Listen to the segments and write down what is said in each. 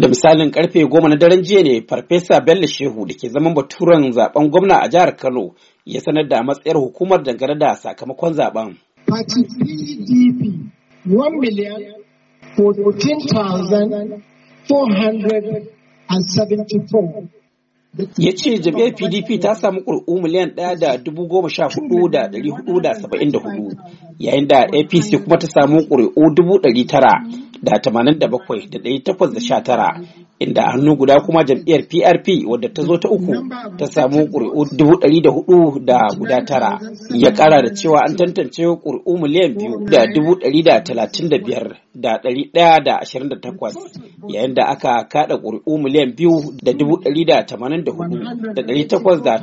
Da misalin karfe goma na daren jiya ne Farfesa Bello Shehu da ke zaman baturen zaben gwamna a jihar Kano ya sanar da matsayar hukumar dangane da sakamakon zaben. ya ce jam'iyyar pdp ta samu ƙuri'u miliyan ɗaya da dubu goma sha hudu da ɗari hudu da saba'in da hudu yayin da apc kuma ta samu ƙuri'u dubu ɗari tara da tamanin da da da bakwai takwas sha tara, inda a hannu guda kuma jam'iyyar PRP wadda ta zo ta uku ta samu ƙuri'u dubu ɗari da hudu da guda tara ya ƙara da cewa an tantance ƙuri'u miliyan biyu da dubu ɗari da talatin 128 yayin da aka kaɗa ƙuri'u miliyan biyu da dubu ɗari da tamanin tamanin da da da da hudu ɗari takwas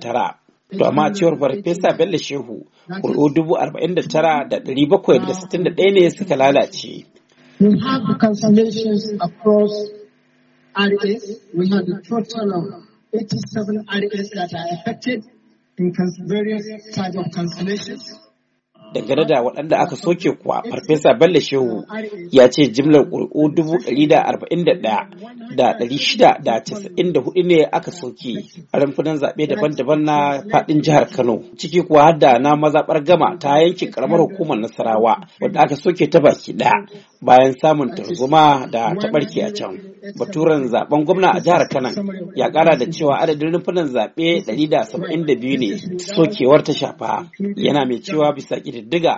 tara. To amma a cewar Farfesa Bello Shehu, ƙuri'u dubu arba'in da tara da ɗari bakwai da sittin da ɗaya ne suka lalace. We have the cancellations across RAs. We have a total of 87 RAs that are affected in various types of cancellations. dangane da waɗanda aka soke kuwa farfesa bello shehu ya ce jimlar ƙuri'u dubu ɗari da arba'in da ɗaya da ɗari shida da casa'in da hudu ne aka soke a rumfunan zaɓe daban-daban na faɗin jihar kano ciki kuwa har da na mazaɓar gama ta yanke ƙaramar hukumar nasarawa wadda aka soke ta baki ɗaya bayan samun tarzoma da ta ɓarki a can. baturen zaben gwamna a jihar kanan ya kara da cewa adadin rumfunan zaɓe 172 ne sokewar ta shafa yana mai cewa bisa ƙididdiga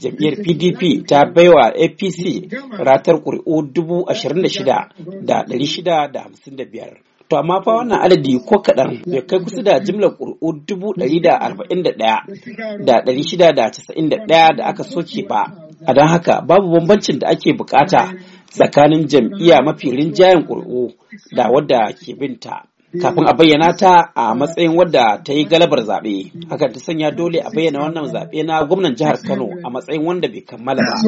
jam'iyyar pdp ta baiwa apc ratar ƙuri'u 26,655 To amma fa wannan adadi ko kaɗan bai kai kusa da jimlar ƙuri'u dubu ɗari da arba'in da ɗaya da ɗari shida da casa'in da ɗaya da aka soke ba. A don haka babu bambancin da ake bukata tsakanin jam'iyya mafi rinjayen ƙuri'u da wadda ke binta kafin a bayyana ta a matsayin wadda ta yi galabar zaɓe hakan ta sanya dole a bayyana wannan zaɓe na gwamnan jihar kano a matsayin wanda bai kammala ba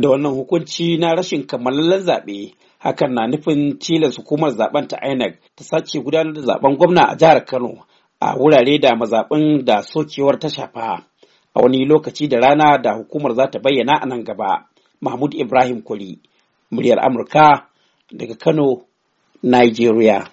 da wannan hukunci na rashin kammalallen zaɓe hakan na nufin tilas hukumar zaɓen ta inec ta sace gudanar da zaben gwamna a jihar kano a wurare da mazaɓin da sokewar ta shafa a wani lokaci da rana da hukumar za ta bayyana a nan gaba. Mahmud Ibrahim kuli muryar Amurka daga Kano, Nigeria.